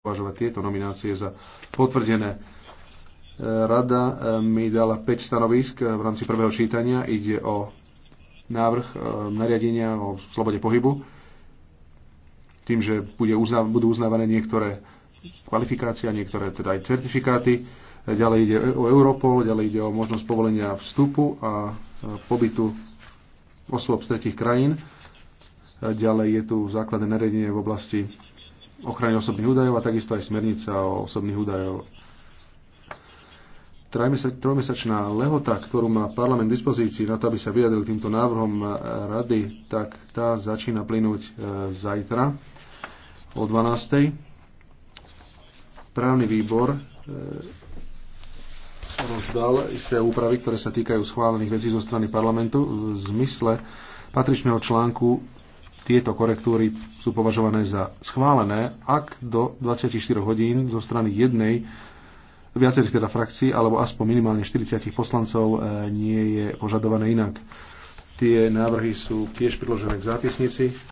považovať tieto nominácie za potvrdené. E, Rada e, mi dala 5 stanovisk e, v rámci prvého čítania. Ide o návrh nariadenia o slobode pohybu. Tým, že bude uznav- budú uznávané niektoré kvalifikácie a niektoré teda aj certifikáty. Ďalej ide o Europol, ďalej ide o možnosť povolenia vstupu a pobytu osôb z tretich krajín. Ďalej je tu základné nariadenie v oblasti ochrane osobných údajov a takisto aj smernica o osobných údajov. Trojmesačná lehota, ktorú má parlament v dispozícii na to, aby sa vyjadril týmto návrhom rady, tak tá začína plynúť e, zajtra o 12. Právny výbor e, rozdal isté úpravy, ktoré sa týkajú schválených vecí zo strany parlamentu v zmysle patričného článku tieto korektúry sú považované za schválené, ak do 24 hodín zo strany jednej viacerých teda frakcií, alebo aspoň minimálne 40 poslancov e, nie je požadované inak. Tie návrhy sú tiež priložené k zápisnici.